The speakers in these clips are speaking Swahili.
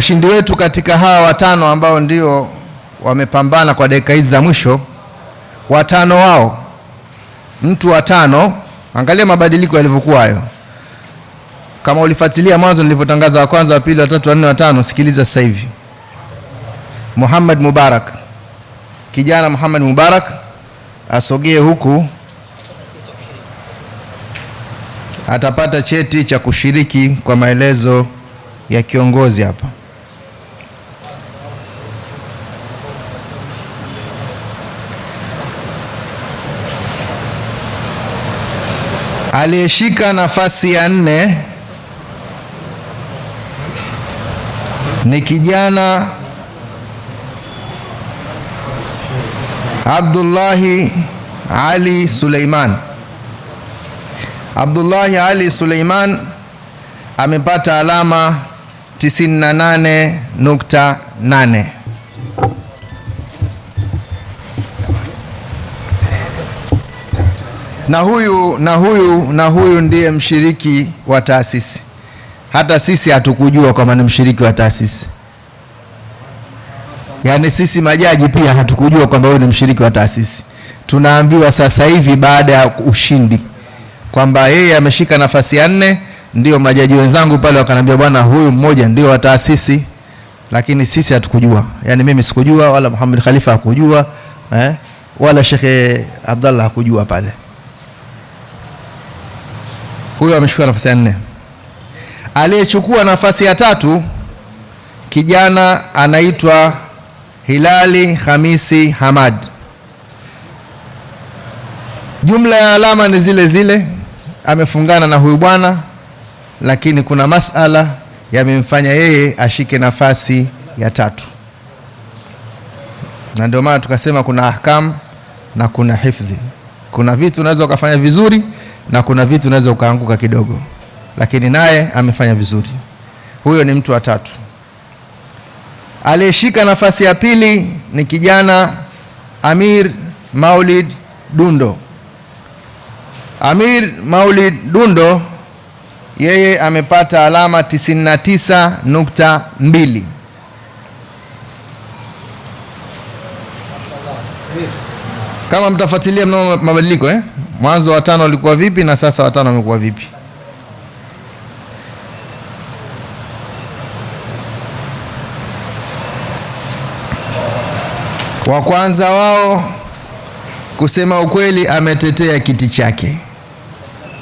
Washindi wetu katika hawa watano ambao ndio wamepambana kwa dakika hizi za mwisho, watano wao, mtu watano, angalia mabadiliko yalivyokuwa hayo. Kama ulifuatilia mwanzo nilivyotangaza, wa kwanza, wa pili, wa tatu, wa nne, wa tano, sikiliza sasa hivi. Muhammad Mubarak, kijana Muhammad Mubarak asogee huku, atapata cheti cha kushiriki kwa maelezo ya kiongozi hapa. Aliyeshika nafasi ya nne ni kijana Abdullahi Ali Suleiman. Abdullahi Ali Suleiman amepata alama 98.8. na huyu na huyu na huyu ndiye mshiriki wa taasisi. Hata sisi hatukujua kwamba ni mshiriki wa taasisi, yaani sisi majaji pia hatukujua kwamba huyu ni mshiriki wa taasisi. Tunaambiwa sasa hivi baada ya ushindi kwamba yeye ameshika nafasi ya nne, ndio majaji wenzangu pale wakanambia, bwana, huyu mmoja ndio wa taasisi, lakini sisi hatukujua, yaani mimi sikujua, wala Muhammad Khalifa hakujua eh, wala Sheikh Abdallah hakujua pale. Huyo ameshukua nafasi ya nne. Aliyechukua nafasi ya tatu kijana anaitwa Hilali Hamisi Hamad. Jumla ya alama ni zile zile, amefungana na huyu bwana, lakini kuna masala yamemfanya yeye ashike nafasi ya tatu, na ndio maana tukasema kuna ahkam na kuna hifdhi. Kuna vitu unaweza ukafanya vizuri na kuna vitu unaweza ukaanguka kidogo, lakini naye amefanya vizuri. Huyo ni mtu wa tatu. Aliyeshika nafasi ya pili ni kijana Amir Maulid Dundo. Amir Maulid Dundo yeye amepata alama 99.2. Kama mtafuatilia mnao mabadiliko eh? Mwanzo watano walikuwa vipi na sasa watano wamekuwa vipi? Wa kwanza wao kusema ukweli, ametetea kiti chake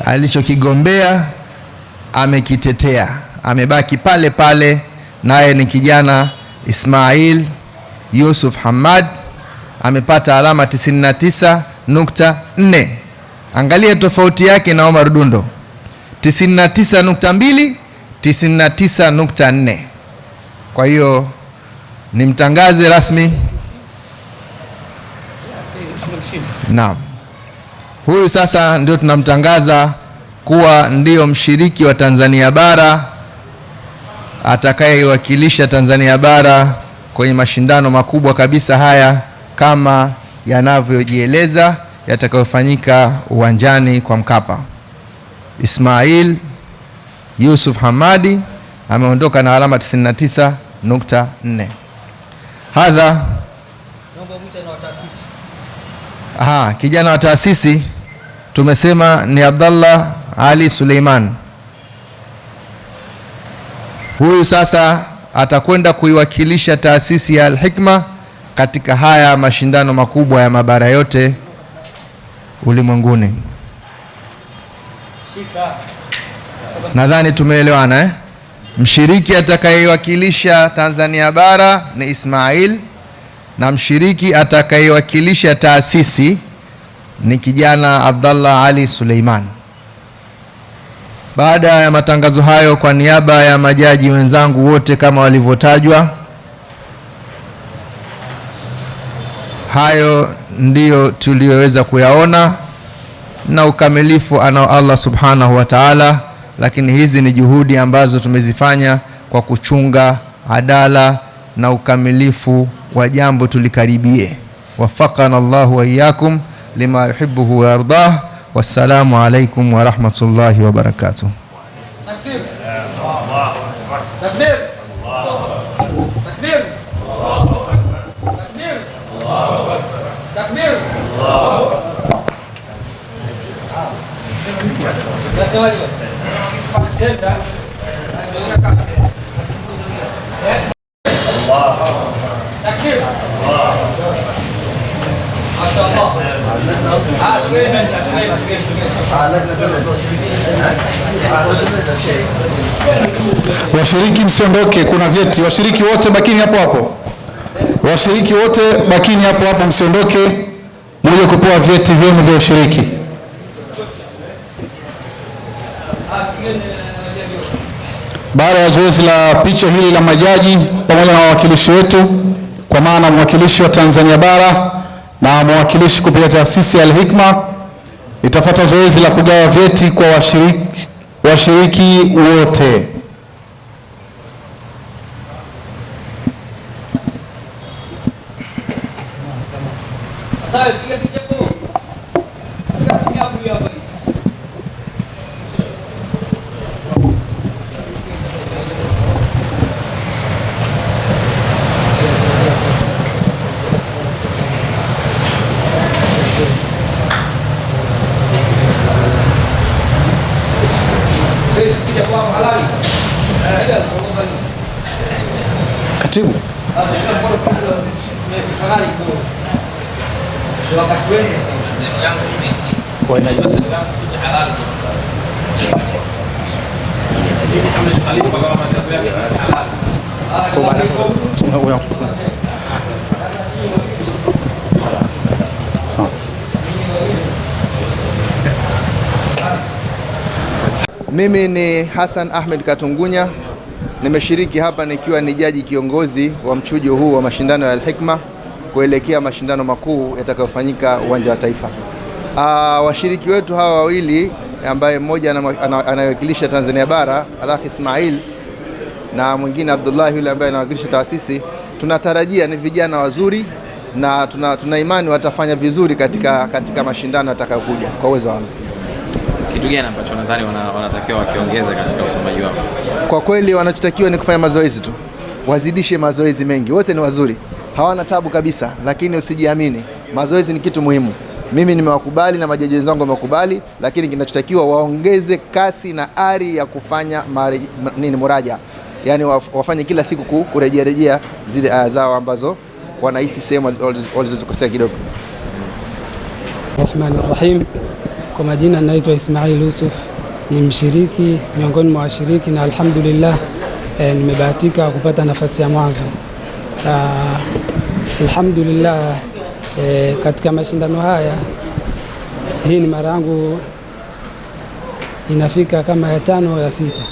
alichokigombea, amekitetea, amebaki pale pale, naye ni kijana Ismail Yusuf Hamad amepata alama 99.4. Angalia tofauti yake na Omar Dundo 99.2, 99.4. Kwa hiyo nimtangaze rasmi. Naam, huyu sasa ndio tunamtangaza kuwa ndio mshiriki wa Tanzania bara atakayewakilisha Tanzania bara kwenye mashindano makubwa kabisa haya kama yanavyojieleza yatakayofanyika uwanjani kwa Mkapa. Ismail Yusuf Hamadi ameondoka na alama 99.4. Hadha Aha, kijana wa taasisi tumesema ni Abdallah Ali Suleiman. Huyu sasa atakwenda kuiwakilisha taasisi ya Al-Hikma katika haya mashindano makubwa ya mabara yote ulimwenguni. Nadhani tumeelewana eh? Mshiriki atakayewakilisha Tanzania bara ni Ismail na mshiriki atakayewakilisha taasisi ni kijana Abdallah Ali Suleiman. Baada ya matangazo hayo, kwa niaba ya majaji wenzangu wote kama walivyotajwa Hayo ndiyo tuliyoweza kuyaona na ukamilifu anao Allah subhanahu wa taala, lakini hizi ni juhudi ambazo tumezifanya kwa kuchunga adala na ukamilifu wa jambo tulikaribie. Wafaqana Allahu wa iyyakum lima yuhibuhu wa Wassalamu alaikum warahmatullahi wabarakatuh. Washiriki msiondoke, kuna vyeti. Washiriki wote bakini hapo hapo, washiriki wote bakini hapo hapo, msiondoke, mmoja kupewa vyeti vyenu vya ushiriki. Baada ya zoezi la picha hili la majaji pamoja na wawakilishi wetu, kwa maana mwakilishi wa Tanzania bara na mwakilishi kupitia taasisi ya Al-Hikma, itafuata zoezi la kugawa vyeti kwa washiriki, washiriki wote. Asante. Mimi ni Hassan Ahmed Katungunya, nimeshiriki hapa nikiwa ni jaji kiongozi wa mchujo huu wa mashindano ya alhikma hikma kuelekea mashindano makuu yatakayofanyika uwanja wa Taifa. Aa, ah, washiriki wetu hawa wawili ambaye mmoja anawakilisha Tanzania bara Alakh Ismail na mwingine Abdullahi yule ambaye anawakilisha taasisi. Tunatarajia ni vijana wazuri na tuna, tuna imani watafanya vizuri katika, katika mashindano yatakayokuja kwa uwezo wao. Kitu gani ambacho nadhani wanatakiwa wakiongeza katika usomaji wao? Kwa kweli wanachotakiwa ni kufanya mazoezi tu, wazidishe mazoezi mengi. Wote ni wazuri, hawana tabu kabisa, lakini usijiamini. Mazoezi ni kitu muhimu. Mimi nimewakubali na majaji wenzangu wamekubali, lakini kinachotakiwa waongeze kasi na ari ya kufanya muraja yani wafanye kila siku kurejearejea zile aya ah, zao ambazo wanahisi sehemu walizozikosea kidogo. Rahmani Rahim. Kwa majina naitwa Ismail Yusuf, ni mshiriki miongoni mwa washiriki na alhamdulillah eh, nimebahatika kupata nafasi ya mwanzo ah, alhamdulillah. eh, katika mashindano haya, hii ni mara yangu inafika kama ya tano ya sita.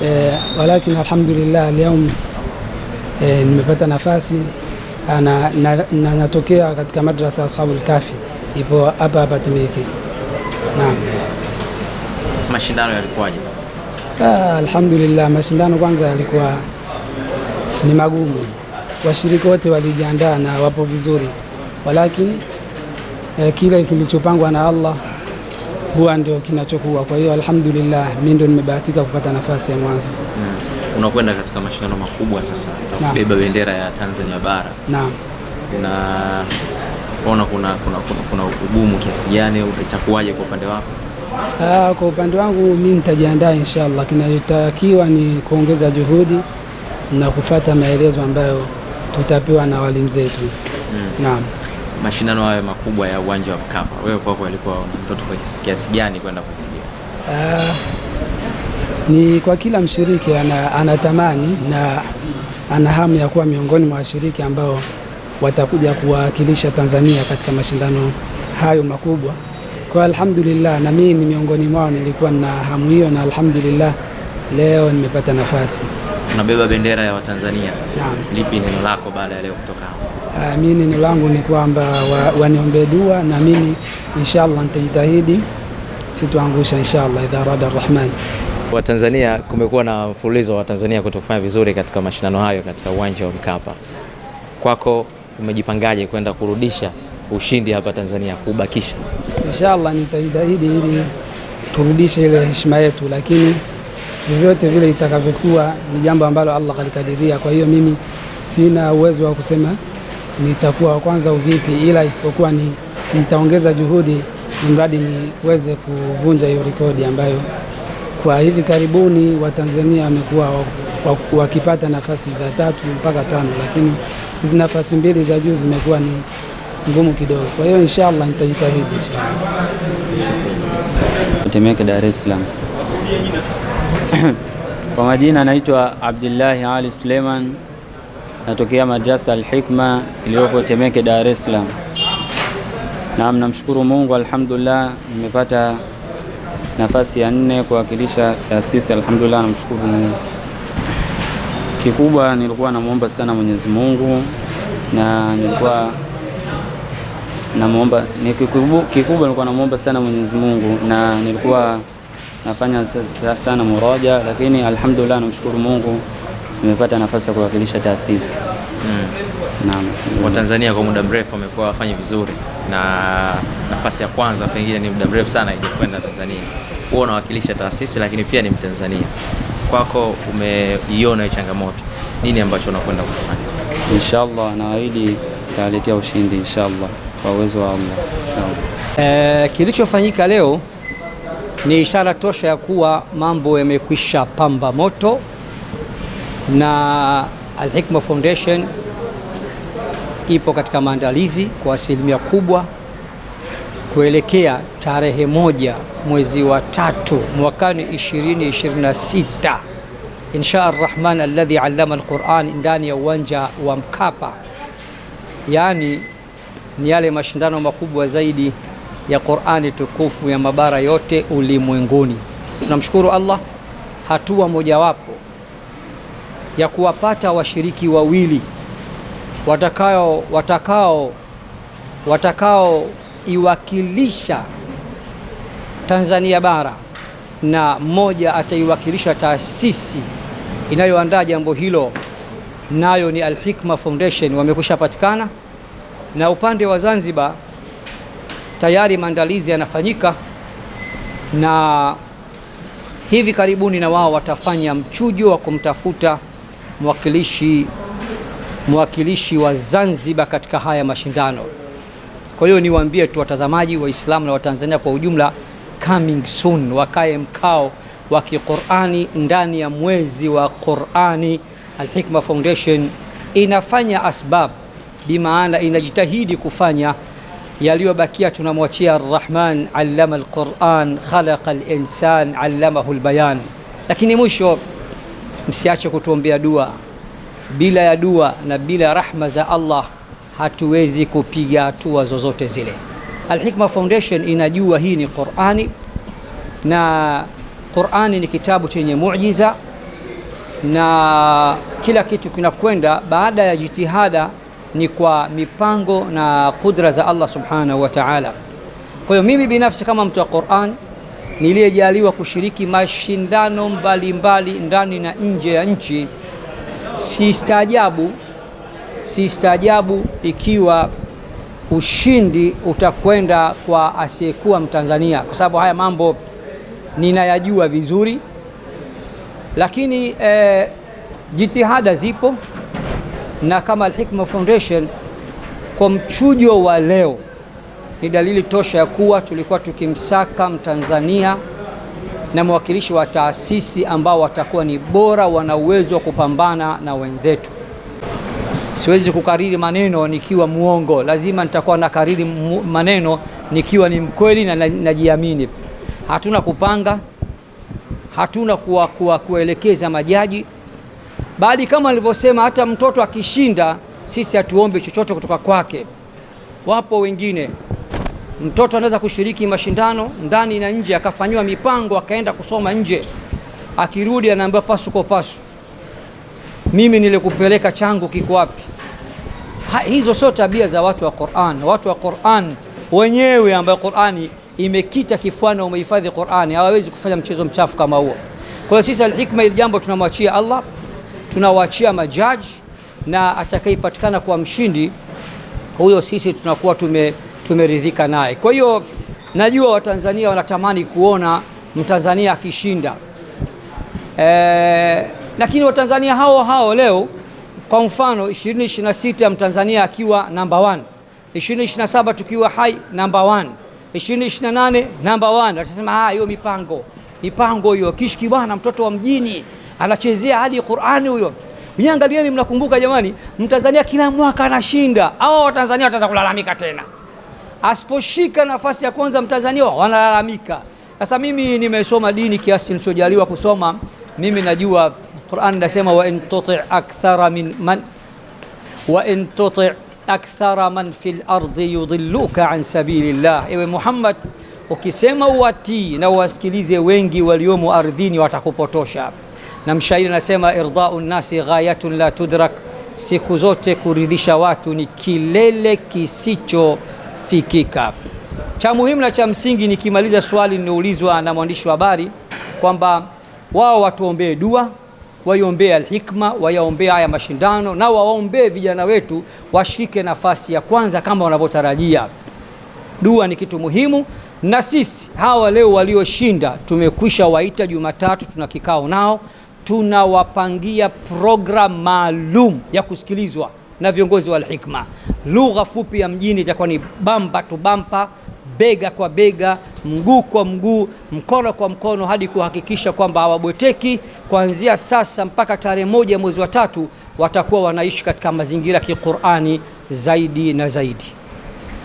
Eh, walakin alhamdulillah leo eh, nimepata nafasi ah, na, na, na natokea katika madrasa ya Ashabul Kafi ipo hapa hapa Temeke. Naam. Mashindano yalikuwaje? Ah, alhamdulillah mashindano kwanza yalikuwa ni magumu, washiriki wote walijiandaa na wapo vizuri, walakin eh, kile kilichopangwa na Allah huwa ndio kinachokuwa. Kwa hiyo alhamdulillah, mimi ndio nimebahatika kupata nafasi ya mwanzo. Hmm. Unakwenda katika mashindano makubwa sasa na kubeba bendera ya Tanzania bara na, na ona kuna, kuna, kuna, kuna ugumu kiasi gani, itakuwaje kwa upande wako? Aa, ah, kwa upande wangu mimi nitajiandaa inshallah. Kinachotakiwa ni kuongeza juhudi na kufata maelezo ambayo tutapewa na walimu zetu. Hmm. Naam mashindano hayo makubwa ya uwanja wa Mkapa, wewe kwako alikuwa mtoto kwa kiasi gani kwenda kufikia? Uh, ni kwa kila mshiriki anatamani ana na ana hamu ya kuwa miongoni mwa washiriki ambao watakuja kuwakilisha Tanzania katika mashindano hayo makubwa. Kwa alhamdulillah, na mimi ni miongoni mwao, nilikuwa na hamu hiyo, na alhamdulillah leo nimepata nafasi. Unabeba bendera ya Watanzania sasa. Lipi neno lako baada ya leo kutoka Ah, mi neno langu ni kwamba waniombee wa dua na mimi inshallah nitajitahidi, situangusha inshallah idha arada Wa Tanzania, kumekuwa na mfululizo wa tanzania kutofanya vizuri katika mashindano hayo katika uwanja wa Mkapa. Kwako umejipangaje kwenda kurudisha ushindi hapa Tanzania, kubakisha? Inshallah nitajitahidi ili turudishe ile heshima yetu, lakini vyovyote vile itakavyokuwa ni jambo ambalo Allah alikadiria. Kwa hiyo mimi sina uwezo wa kusema nitakuwa wa kwanza uvipi, ila isipokuwa ni nitaongeza juhudi, ni mradi niweze kuvunja hiyo rekodi ambayo kwa hivi karibuni Watanzania wamekuwa wakipata nafasi za tatu mpaka tano, lakini hizi nafasi mbili za juu zimekuwa ni ngumu kidogo. Kwa hiyo inshallah nitajitahidi inshallah. Temeke, Dar es Salaam. Kwa majina naitwa Abdullahi Ali Suleiman natokea madrasa Alhikma iliyopo Temeke, Dar es Salaam. Naam, namshukuru Mungu, alhamdulillah, nimepata nafasi ya nne kuwakilisha taasisi. Alhamdulillah, namshukuru Mungu. Kikubwa nilikuwa namwomba sana Mwenyezi Mungu na nilikuwa namuomba ni kikubwa, nilikuwa namwomba sana Mwenyezi Mungu na nilikuwa nafanya sana muraja, lakini alhamdulillah, namshukuru Mungu nimepata nafasi ya kuwakilisha taasisi wa hmm. Watanzania kwa muda mrefu wamekuwa wafanye vizuri, na nafasi ya kwanza pengine ni muda mrefu sana ijakwenda Tanzania. Huwa unawakilisha taasisi lakini pia ni Mtanzania, kwako umeiona changamoto, nini ambacho unakwenda kufanya? Inshallah, naahidi taletea ushindi inshallah kwa uwezo wa Allah Eh, kilichofanyika leo ni ishara tosha ya kuwa mambo yamekwisha pamba moto na Al Hikma Foundation ipo katika maandalizi kwa asilimia kubwa kuelekea tarehe moja mwezi wa tatu mwakani 2026 insha arrahman alladhi allama alquran ndani ya uwanja wa Mkapa, yani ni yale mashindano makubwa zaidi ya Qurani tukufu ya mabara yote ulimwenguni. Tunamshukuru Allah, hatua mojawapo ya kuwapata washiriki wawili watakao watakao watakaoiwakilisha Tanzania bara na mmoja ataiwakilisha taasisi inayoandaa jambo hilo, nayo ni Al-Hikma Foundation, wamekwisha patikana. Na upande wa Zanzibar tayari maandalizi yanafanyika, na hivi karibuni na wao watafanya mchujo wa kumtafuta mwakilishi, mwakilishi wa Zanzibar katika haya mashindano. Kwa hiyo niwaambie tu watazamaji Waislamu na Watanzania kwa ujumla, coming soon, wakae mkao wa Kiqurani ndani ya mwezi wa Qurani. Al-Hikma Foundation inafanya asbab, bimaana inajitahidi kufanya yaliyobakia tunamwachia Arrahman allama alquran khalaqa alinsan allamahu albayan. Lakini mwisho Msiache kutuombea dua. Bila ya dua na bila rahma za Allah hatuwezi kupiga hatua zozote zile. Al-Hikma Foundation inajua hii ni Qur'ani na Qur'ani ni kitabu chenye muujiza na kila kitu kinakwenda baada ya jitihada ni kwa mipango na kudra za Allah subhanahu wa ta'ala. Kwa hiyo mimi binafsi kama mtu wa Qur'an niliyejaliwa kushiriki mashindano mbalimbali ndani na nje ya nchi, sistaajabu sistaajabu ikiwa ushindi utakwenda kwa asiyekuwa Mtanzania, kwa sababu haya mambo ninayajua vizuri, lakini eh, jitihada zipo na kama Al Hikma Foundation kwa mchujo wa leo ni dalili tosha ya kuwa tulikuwa tukimsaka Mtanzania na mwakilishi wa taasisi ambao watakuwa ni bora, wana uwezo wa kupambana na wenzetu. Siwezi kukariri maneno nikiwa muongo, lazima nitakuwa nakariri maneno nikiwa ni mkweli na najiamini. Hatuna kupanga, hatuna kuwa, kuwa, kuelekeza majaji, bali kama nilivyosema, hata mtoto akishinda, sisi hatuombi chochote kutoka kwake. Wapo wengine Mtoto anaweza kushiriki mashindano ndani na nje, akafanyiwa mipango, akaenda kusoma nje, akirudi anaambiwa pasu kwa pasu, mimi nilikupeleka, changu kiko wapi? Hizo sio tabia za watu wa Qur'an. Watu wa Qur'an wenyewe ambayo Qur'ani imekita kifuana, umehifadhi Qur'ani, hawawezi kufanya mchezo mchafu kama huo. Kwa hiyo sisi alhikma, ili jambo tunamwachia Allah, tunawaachia majaji, na atakayepatikana kuwa mshindi huyo, sisi tunakuwa tume tumeridhika naye. Kwa hiyo najua Watanzania wanatamani kuona Mtanzania akishinda, e, lakini Watanzania hao hao leo kwa mfano 2026 Mtanzania akiwa namba 1, 2027 tukiwa hai namba 1, 2028 namba 1, watasema ah, hiyo mipango mipango hiyo, kishki bwana, mtoto wa mjini anachezea hadi Qur'ani huyo. Mnyangalieni, mnakumbuka jamani, Mtanzania kila mwaka anashinda. Hao Watanzania wataanza kulalamika tena asiposhika nafasi ya kwanza Mtanzania wanalalamika. Sasa mimi nimesoma dini kiasi nilichojaliwa kusoma, mimi najua Qur'an inasema wa in tuti akthara min man wa in tuti akthara man fil ardi yudilluka an sabilillah. Ewe Muhammad, ukisema uwatii na uwasikilize wengi waliomo ardhini watakupotosha. Na mshairi anasema irdau nnasi ghayatun la tudrak, siku zote kuridhisha watu ni kilele kisicho kufikika. Cha muhimu na cha msingi nikimaliza swali lililoulizwa na mwandishi wa habari kwamba wao watuombee dua, waiombee Alhikma, wayaombee haya mashindano na waombee vijana wetu washike nafasi ya kwanza kama wanavyotarajia. Dua ni kitu muhimu, na sisi hawa leo walioshinda tumekwisha waita Jumatatu, tuna kikao nao, tunawapangia programu maalum ya kusikilizwa na viongozi wa Alhikma. Lugha fupi ya mjini itakuwa ni bamba tu bamba, bega kwa bega, mguu kwa mguu, mkono kwa mkono, hadi kuhakikisha kwamba hawabweteki. Kuanzia sasa mpaka tarehe moja mwezi wa tatu watakuwa wanaishi katika mazingira ya Kiqurani zaidi na zaidi.